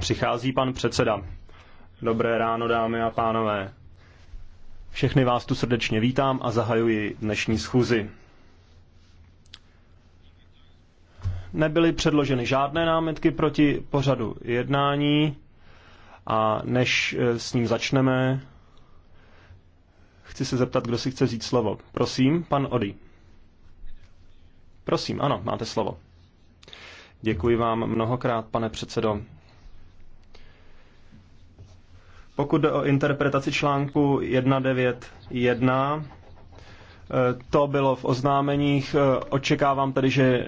Přichází pan předseda. Dobré ráno, dámy a pánové. Všechny vás tu srdečně vítám a zahajuji dnešní schůzi. Nebyly předloženy žádné námitky proti pořadu jednání a než e, s ním začneme, chci se zeptat, kdo si chce vzít slovo. Prosím, pan Ody. Prosím, ano, máte slovo. Děkuji vám mnohokrát, pane předsedo. Pokud jde o interpretaci článku 191, eh, to bylo v oznámeních. Eh, očekávám tedy, že